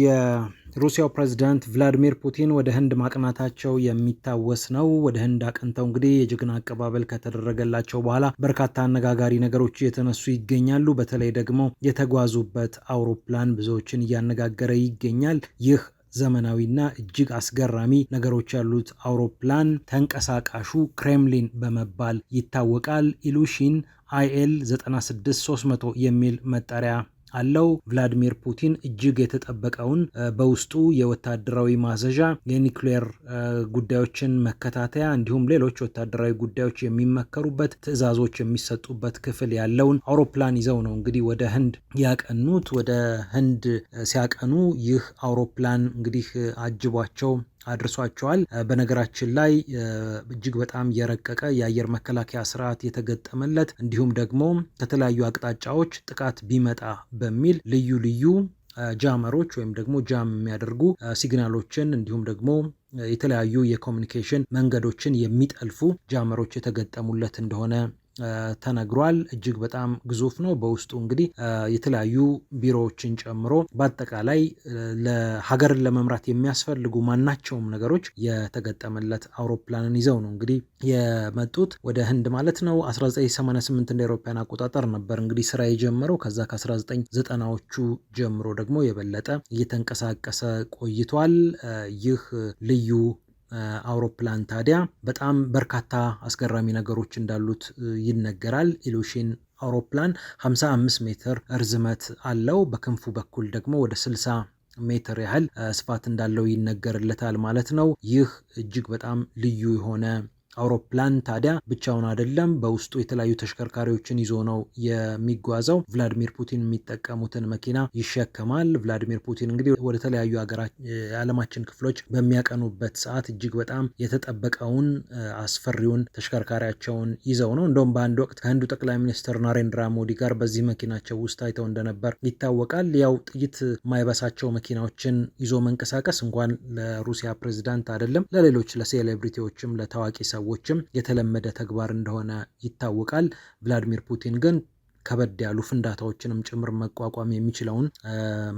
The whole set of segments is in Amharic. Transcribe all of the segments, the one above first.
የሩሲያው ፕሬዝዳንት ቭላዲሚር ፑቲን ወደ ህንድ ማቅናታቸው የሚታወስ ነው። ወደ ህንድ አቅንተው እንግዲህ የጀግና አቀባበል ከተደረገላቸው በኋላ በርካታ አነጋጋሪ ነገሮች እየተነሱ ይገኛሉ። በተለይ ደግሞ የተጓዙበት አውሮፕላን ብዙዎችን እያነጋገረ ይገኛል። ይህ ዘመናዊና እጅግ አስገራሚ ነገሮች ያሉት አውሮፕላን ተንቀሳቃሹ ክሬምሊን በመባል ይታወቃል። ኢሉሺን አይኤል 96300 የሚል መጠሪያ አለው። ቭላዲሚር ፑቲን እጅግ የተጠበቀውን በውስጡ የወታደራዊ ማዘዣ፣ የኒክሌር ጉዳዮችን መከታተያ እንዲሁም ሌሎች ወታደራዊ ጉዳዮች የሚመከሩበት ትዕዛዞች የሚሰጡበት ክፍል ያለውን አውሮፕላን ይዘው ነው እንግዲህ ወደ ህንድ ያቀኑት። ወደ ህንድ ሲያቀኑ ይህ አውሮፕላን እንግዲህ አጅቧቸው አድርሷቸዋል። በነገራችን ላይ እጅግ በጣም የረቀቀ የአየር መከላከያ ስርዓት የተገጠመለት እንዲሁም ደግሞ ከተለያዩ አቅጣጫዎች ጥቃት ቢመጣ በሚል ልዩ ልዩ ጃመሮች ወይም ደግሞ ጃም የሚያደርጉ ሲግናሎችን እንዲሁም ደግሞ የተለያዩ የኮሚኒኬሽን መንገዶችን የሚጠልፉ ጃመሮች የተገጠሙለት እንደሆነ ተነግሯል። እጅግ በጣም ግዙፍ ነው። በውስጡ እንግዲህ የተለያዩ ቢሮዎችን ጨምሮ በአጠቃላይ ለሀገርን ለመምራት የሚያስፈልጉ ማናቸውም ነገሮች የተገጠመለት አውሮፕላንን ይዘው ነው እንግዲህ የመጡት ወደ ህንድ ማለት ነው። 1988 እንደ አውሮፓውያን አቆጣጠር ነበር እንግዲህ ስራ የጀመረው። ከዛ ከ1990ዎቹ ጀምሮ ደግሞ የበለጠ እየተንቀሳቀሰ ቆይቷል። ይህ ልዩ አውሮፕላን ታዲያ በጣም በርካታ አስገራሚ ነገሮች እንዳሉት ይነገራል። ኢሉሽን አውሮፕላን 55 ሜትር እርዝመት አለው። በክንፉ በኩል ደግሞ ወደ 60 ሜትር ያህል ስፋት እንዳለው ይነገርለታል ማለት ነው። ይህ እጅግ በጣም ልዩ የሆነ አውሮፕላን ታዲያ ብቻውን አይደለም፣ በውስጡ የተለያዩ ተሽከርካሪዎችን ይዞ ነው የሚጓዘው። ቭላዲሚር ፑቲን የሚጠቀሙትን መኪና ይሸከማል። ቭላዲሚር ፑቲን እንግዲህ ወደ ተለያዩ የዓለማችን ክፍሎች በሚያቀኑበት ሰዓት እጅግ በጣም የተጠበቀውን አስፈሪውን ተሽከርካሪያቸውን ይዘው ነው። እንደውም በአንድ ወቅት ከህንዱ ጠቅላይ ሚኒስትር ናሬንድራ ሞዲ ጋር በዚህ መኪናቸው ውስጥ አይተው እንደነበር ይታወቃል። ያው ጥይት ማይበሳቸው መኪናዎችን ይዞ መንቀሳቀስ እንኳን ለሩሲያ ፕሬዚዳንት አይደለም ለሌሎች ለሴሌብሪቲዎችም ለታዋቂ ሰው ሰዎችም የተለመደ ተግባር እንደሆነ ይታወቃል። ቭላዲሚር ፑቲን ግን ከበድ ያሉ ፍንዳታዎችንም ጭምር መቋቋም የሚችለውን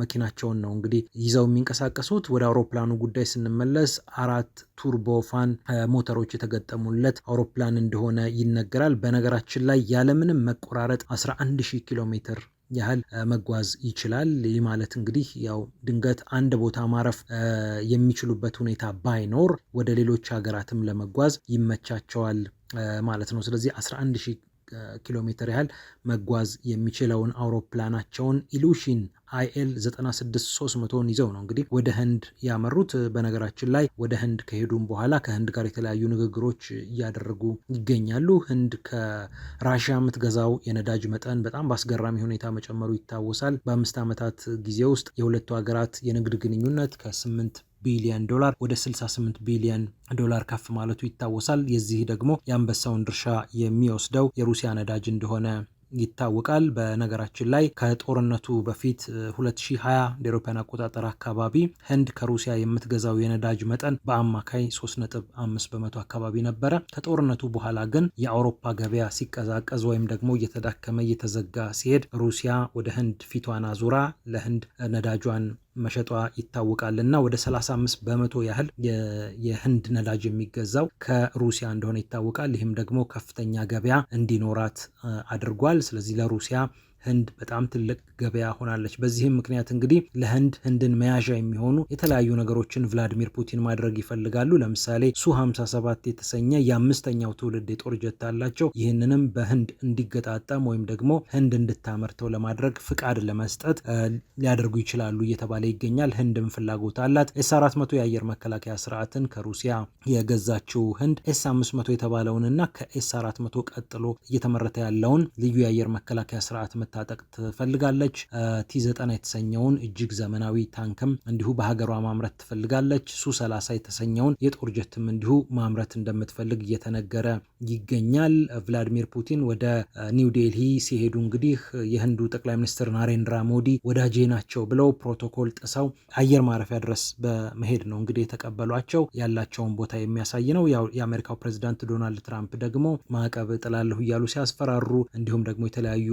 መኪናቸውን ነው እንግዲህ ይዘው የሚንቀሳቀሱት። ወደ አውሮፕላኑ ጉዳይ ስንመለስ አራት ቱርቦፋን ሞተሮች የተገጠሙለት አውሮፕላን እንደሆነ ይነገራል። በነገራችን ላይ ያለምንም መቆራረጥ 11 ሺህ ኪሎ ሜትር ያህል መጓዝ ይችላል። ይህ ማለት እንግዲህ ያው ድንገት አንድ ቦታ ማረፍ የሚችሉበት ሁኔታ ባይኖር ወደ ሌሎች ሀገራትም ለመጓዝ ይመቻቸዋል ማለት ነው። ስለዚህ 11 ሺህ ኪሎ ሜትር ያህል መጓዝ የሚችለውን አውሮፕላናቸውን ኢሉሽን አይኤል 96300ን ይዘው ነው እንግዲህ ወደ ህንድ ያመሩት። በነገራችን ላይ ወደ ህንድ ከሄዱም በኋላ ከህንድ ጋር የተለያዩ ንግግሮች እያደረጉ ይገኛሉ። ህንድ ከራሻ የምትገዛው የነዳጅ መጠን በጣም በአስገራሚ ሁኔታ መጨመሩ ይታወሳል። በአምስት ዓመታት ጊዜ ውስጥ የሁለቱ ሀገራት የንግድ ግንኙነት ከስምንት ቢሊዮን ዶላር ወደ 68 ቢሊዮን ዶላር ከፍ ማለቱ ይታወሳል። የዚህ ደግሞ የአንበሳውን ድርሻ የሚወስደው የሩሲያ ነዳጅ እንደሆነ ይታወቃል። በነገራችን ላይ ከጦርነቱ በፊት 2020 እንደ አውሮፓውያን አቆጣጠር አካባቢ ህንድ ከሩሲያ የምትገዛው የነዳጅ መጠን በአማካይ 3.5 በመቶ አካባቢ ነበረ። ከጦርነቱ በኋላ ግን የአውሮፓ ገበያ ሲቀዛቀዝ ወይም ደግሞ እየተዳከመ እየተዘጋ ሲሄድ ሩሲያ ወደ ህንድ ፊቷን አዙራ ለህንድ ነዳጇን መሸጧ ይታወቃል እና ወደ 35 በመቶ ያህል የህንድ ነዳጅ የሚገዛው ከሩሲያ እንደሆነ ይታወቃል። ይህም ደግሞ ከፍተኛ ገበያ እንዲኖራት አድርጓል። ስለዚህ ለሩሲያ ህንድ በጣም ትልቅ ገበያ ሆናለች። በዚህም ምክንያት እንግዲህ ለህንድ ህንድን መያዣ የሚሆኑ የተለያዩ ነገሮችን ቭላዲሚር ፑቲን ማድረግ ይፈልጋሉ። ለምሳሌ ሱ 57 የተሰኘ የአምስተኛው ትውልድ የጦር ጀት አላቸው። ይህንንም በህንድ እንዲገጣጠም ወይም ደግሞ ህንድ እንድታመርተው ለማድረግ ፍቃድ ለመስጠት ሊያደርጉ ይችላሉ እየተባለ ይገኛል። ህንድም ፍላጎት አላት። ኤስ 400 የአየር መከላከያ ስርዓትን ከሩሲያ የገዛችው ህንድ ኤስ 500 የተባለውንና ከኤስ 400 ቀጥሎ እየተመረተ ያለውን ልዩ የአየር መከላከያ ስርዓት መታጠቅ ትፈልጋለች። ቲ90 የተሰኘውን እጅግ ዘመናዊ ታንክም እንዲሁ በሀገሯ ማምረት ትፈልጋለች። ሱ30 የተሰኘውን የጦር ጀትም እንዲሁ ማምረት እንደምትፈልግ እየተነገረ ይገኛል። ቭላዲሚር ፑቲን ወደ ኒው ዴልሂ ሲሄዱ እንግዲህ የህንዱ ጠቅላይ ሚኒስትር ናሬንድራ ሞዲ ወዳጄ ናቸው ብለው ፕሮቶኮል ጥሰው አየር ማረፊያ ድረስ በመሄድ ነው እንግዲህ የተቀበሏቸው። ያላቸውን ቦታ የሚያሳይ ነው። የአሜሪካው ፕሬዚዳንት ዶናልድ ትራምፕ ደግሞ ማዕቀብ እጥላለሁ እያሉ ሲያስፈራሩ፣ እንዲሁም ደግሞ የተለያዩ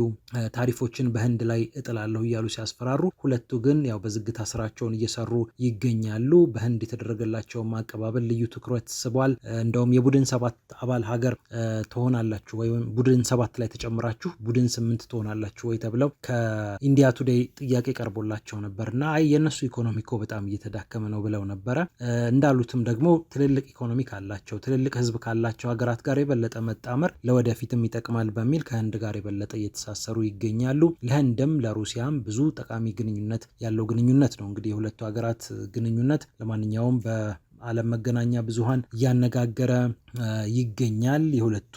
ታሪፎችን በህንድ ላይ እጥላለሁ እያሉ ሲያስፈራሩ፣ ሁለቱ ግን ያው በዝግታ ስራቸውን እየሰሩ ይገኛሉ። በህንድ የተደረገላቸውን ማቀባበል ልዩ ትኩረት ስቧል። እንደውም የቡድን ሰባት አባል ሀገር ቁጥር ትሆናላችሁ ወይም ቡድን ሰባት ላይ ተጨምራችሁ ቡድን ስምንት ትሆናላችሁ ወይ ተብለው ከኢንዲያ ቱዴይ ጥያቄ ቀርቦላቸው ነበር እና አይ የእነሱ ኢኮኖሚ እኮ በጣም እየተዳከመ ነው ብለው ነበረ። እንዳሉትም ደግሞ ትልልቅ ኢኮኖሚ ካላቸው ትልልቅ ህዝብ ካላቸው ሀገራት ጋር የበለጠ መጣመር ለወደፊትም ይጠቅማል በሚል ከህንድ ጋር የበለጠ እየተሳሰሩ ይገኛሉ። ለህንድም ለሩሲያም ብዙ ጠቃሚ ግንኙነት ያለው ግንኙነት ነው። እንግዲህ የሁለቱ ሀገራት ግንኙነት ለማንኛውም በ ዓለም መገናኛ ብዙሃን እያነጋገረ ይገኛል። የሁለቱ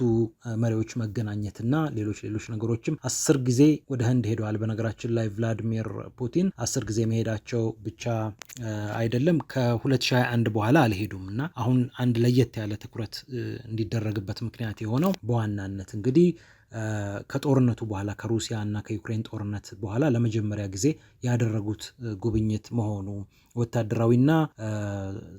መሪዎች መገናኘትና ሌሎች ሌሎች ነገሮችም አስር ጊዜ ወደ ህንድ ሄደዋል። በነገራችን ላይ ቭላዲሚር ፑቲን አስር ጊዜ መሄዳቸው ብቻ አይደለም ከ2021 በኋላ አልሄዱም እና አሁን አንድ ለየት ያለ ትኩረት እንዲደረግበት ምክንያት የሆነው በዋናነት እንግዲህ ከጦርነቱ በኋላ ከሩሲያ እና ከዩክሬን ጦርነት በኋላ ለመጀመሪያ ጊዜ ያደረጉት ጉብኝት መሆኑ ወታደራዊና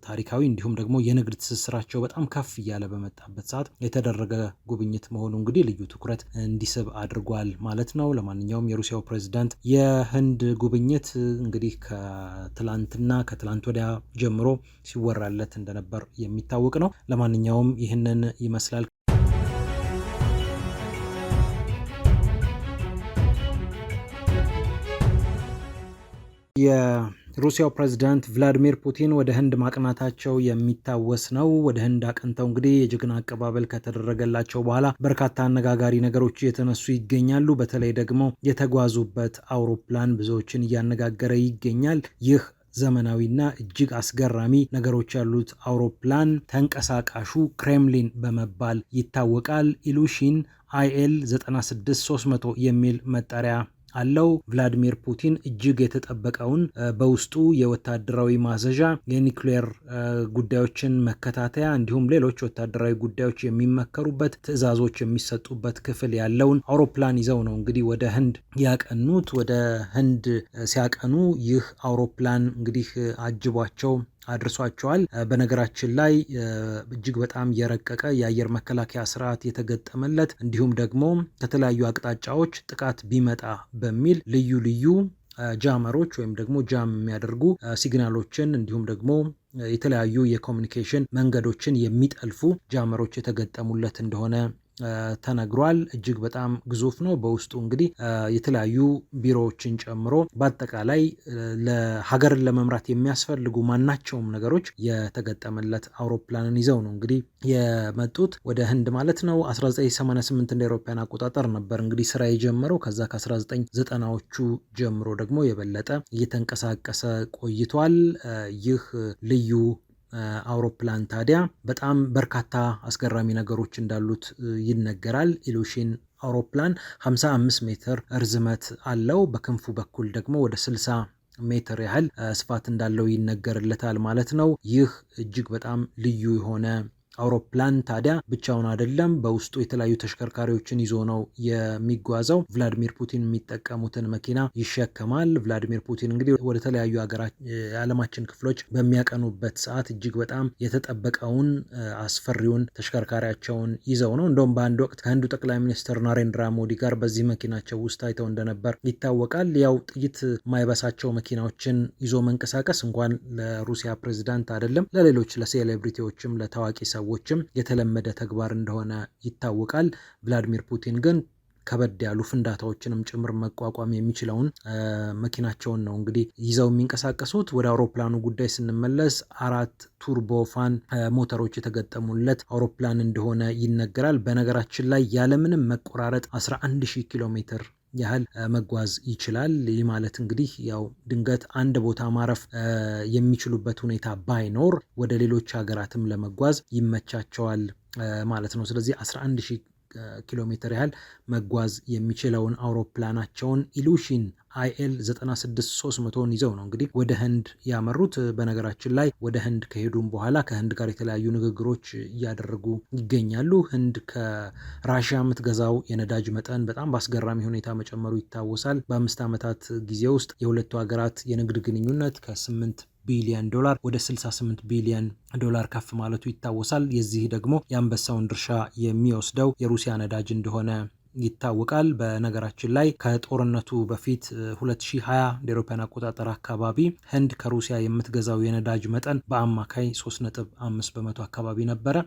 ታሪካዊ እንዲሁም ደግሞ የንግድ ትስስራቸው በጣም ከፍ እያለ በመጣበት ሰዓት የተደረገ ጉብኝት መሆኑ እንግዲህ ልዩ ትኩረት እንዲስብ አድርጓል ማለት ነው። ለማንኛውም የሩሲያው ፕሬዝዳንት የህንድ ጉብኝት እንግዲህ ከትላንትና ከትላንት ወዲያ ጀምሮ ሲወራለት እንደነበር የሚታወቅ ነው። ለማንኛውም ይህንን ይመስላል። የሩሲያው ፕሬዝዳንት ቭላዲሚር ፑቲን ወደ ህንድ ማቅናታቸው የሚታወስ ነው። ወደ ህንድ አቅንተው እንግዲህ የጀግና አቀባበል ከተደረገላቸው በኋላ በርካታ አነጋጋሪ ነገሮች እየተነሱ ይገኛሉ። በተለይ ደግሞ የተጓዙበት አውሮፕላን ብዙዎችን እያነጋገረ ይገኛል። ይህ ዘመናዊና እጅግ አስገራሚ ነገሮች ያሉት አውሮፕላን ተንቀሳቃሹ ክሬምሊን በመባል ይታወቃል። ኢሉሺን አይኤል 96300 የሚል መጠሪያ አለው። ቭላዲሚር ፑቲን እጅግ የተጠበቀውን በውስጡ የወታደራዊ ማዘዣ፣ የኒክሌር ጉዳዮችን መከታተያ እንዲሁም ሌሎች ወታደራዊ ጉዳዮች የሚመከሩበት ትዕዛዞች የሚሰጡበት ክፍል ያለውን አውሮፕላን ይዘው ነው እንግዲህ ወደ ህንድ ያቀኑት። ወደ ህንድ ሲያቀኑ ይህ አውሮፕላን እንግዲህ አጅቧቸው አድርሷቸዋል። በነገራችን ላይ እጅግ በጣም የረቀቀ የአየር መከላከያ ስርዓት የተገጠመለት እንዲሁም ደግሞ ከተለያዩ አቅጣጫዎች ጥቃት ቢመጣ በሚል ልዩ ልዩ ጃመሮች ወይም ደግሞ ጃም የሚያደርጉ ሲግናሎችን እንዲሁም ደግሞ የተለያዩ የኮሚኒኬሽን መንገዶችን የሚጠልፉ ጃመሮች የተገጠሙለት እንደሆነ ተነግሯል። እጅግ በጣም ግዙፍ ነው። በውስጡ እንግዲህ የተለያዩ ቢሮዎችን ጨምሮ በአጠቃላይ ለሀገርን ለመምራት የሚያስፈልጉ ማናቸውም ነገሮች የተገጠመለት አውሮፕላንን ይዘው ነው እንግዲህ የመጡት ወደ ህንድ ማለት ነው። 1988 እንደ አውሮፓውያን አቆጣጠር ነበር እንግዲህ ስራ የጀመረው። ከዛ ከ1990ዎቹ ጀምሮ ደግሞ የበለጠ እየተንቀሳቀሰ ቆይቷል። ይህ ልዩ አውሮፕላን ታዲያ በጣም በርካታ አስገራሚ ነገሮች እንዳሉት ይነገራል። ኢሉሽን አውሮፕላን 55 ሜትር እርዝመት አለው። በክንፉ በኩል ደግሞ ወደ 60 ሜትር ያህል ስፋት እንዳለው ይነገርለታል ማለት ነው። ይህ እጅግ በጣም ልዩ የሆነ አውሮፕላን ታዲያ ብቻውን አይደለም፣ በውስጡ የተለያዩ ተሽከርካሪዎችን ይዞ ነው የሚጓዘው። ቭላዲሚር ፑቲን የሚጠቀሙትን መኪና ይሸከማል። ቭላዲሚር ፑቲን እንግዲህ ወደ ተለያዩ የዓለማችን ክፍሎች በሚያቀኑበት ሰዓት እጅግ በጣም የተጠበቀውን አስፈሪውን ተሽከርካሪያቸውን ይዘው ነው። እንደውም በአንድ ወቅት ከህንዱ ጠቅላይ ሚኒስትር ናሬንድራ ሞዲ ጋር በዚህ መኪናቸው ውስጥ አይተው እንደነበር ይታወቃል። ያው ጥይት ማይበሳቸው መኪናዎችን ይዞ መንቀሳቀስ እንኳን ለሩሲያ ፕሬዚዳንት አይደለም ለሌሎች ለሴሌብሪቲዎችም ለታዋቂ ሰው ሰዎችም የተለመደ ተግባር እንደሆነ ይታወቃል። ቭላዲሚር ፑቲን ግን ከበድ ያሉ ፍንዳታዎችንም ጭምር መቋቋም የሚችለውን መኪናቸውን ነው እንግዲህ ይዘው የሚንቀሳቀሱት። ወደ አውሮፕላኑ ጉዳይ ስንመለስ አራት ቱርቦፋን ሞተሮች የተገጠሙለት አውሮፕላን እንደሆነ ይነገራል። በነገራችን ላይ ያለምንም መቆራረጥ 11 ሺህ ኪሎ ሜትር ያህል መጓዝ ይችላል። ይህ ማለት እንግዲህ ያው ድንገት አንድ ቦታ ማረፍ የሚችሉበት ሁኔታ ባይኖር ወደ ሌሎች ሀገራትም ለመጓዝ ይመቻቸዋል ማለት ነው። ስለዚህ 11 ሺህ ኪሎ ሜትር ያህል መጓዝ የሚችለውን አውሮፕላናቸውን ኢሉሽን አይኤል 96300ን ይዘው ነው እንግዲህ ወደ ህንድ ያመሩት። በነገራችን ላይ ወደ ህንድ ከሄዱም በኋላ ከህንድ ጋር የተለያዩ ንግግሮች እያደረጉ ይገኛሉ። ህንድ ከራሽያ የምትገዛው የነዳጅ መጠን በጣም በአስገራሚ ሁኔታ መጨመሩ ይታወሳል። በአምስት ዓመታት ጊዜ ውስጥ የሁለቱ ሀገራት የንግድ ግንኙነት ከስምንት ቢሊዮን ዶላር ወደ 68 ቢሊዮን ዶላር ከፍ ማለቱ ይታወሳል። የዚህ ደግሞ የአንበሳውን ድርሻ የሚወስደው የሩሲያ ነዳጅ እንደሆነ ይታወቃል። በነገራችን ላይ ከጦርነቱ በፊት 2020 እንደ አውሮፓውያን አቆጣጠር አካባቢ ህንድ ከሩሲያ የምትገዛው የነዳጅ መጠን በአማካይ 3.5 በመቶ አካባቢ ነበረ።